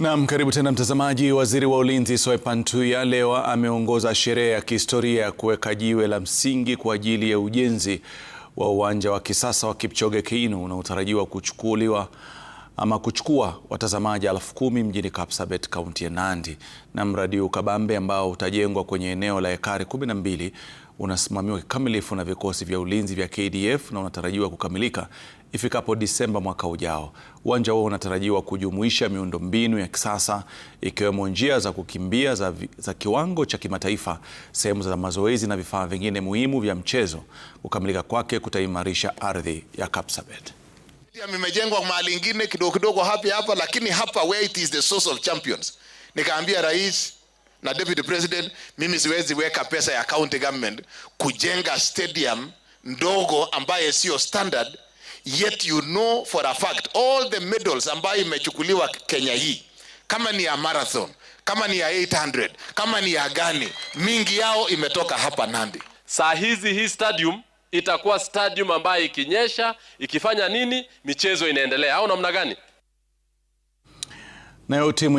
Naam, karibu tena mtazamaji. Waziri wa Ulinzi Soipan Tuya leo ameongoza sherehe ya kihistoria ya kuweka jiwe la msingi kwa ajili ya ujenzi wa uwanja wa kisasa wa Kipchoge Keino unaotarajiwa kuchukuliwa ama kuchukua watazamaji elfu kumi mjini Kapsabet, kaunti ya Nandi. Na mradi huu kabambe ambao utajengwa kwenye eneo la ekari 12 unasimamiwa kikamilifu na vikosi vya ulinzi vya KDF na unatarajiwa kukamilika ifikapo Disemba mwaka ujao. Uwanja huo unatarajiwa kujumuisha miundombinu ya kisasa ikiwemo njia za kukimbia za, za kiwango cha kimataifa, sehemu za mazoezi na vifaa vingine muhimu vya mchezo. Kukamilika kwake kutaimarisha ardhi ya Kapsabet. Imejengwa mahali ingine kidogo kidogo hapa hapa, lakini hapa where it is the source of champions. Nikaambia rais na deputy president, mimi siwezi weka pesa ya county government kujenga stadium ndogo ambaye sio standard, yet you know for a fact all the medals ambayo imechukuliwa Kenya hii, kama ni ya marathon, kama ni ya 800, kama ni ya gani, mingi yao imetoka hapa Nandi. Saa hizi hii stadium itakuwa stadium ambayo ikinyesha ikifanya nini michezo inaendelea au namna gani? Nayo timu ya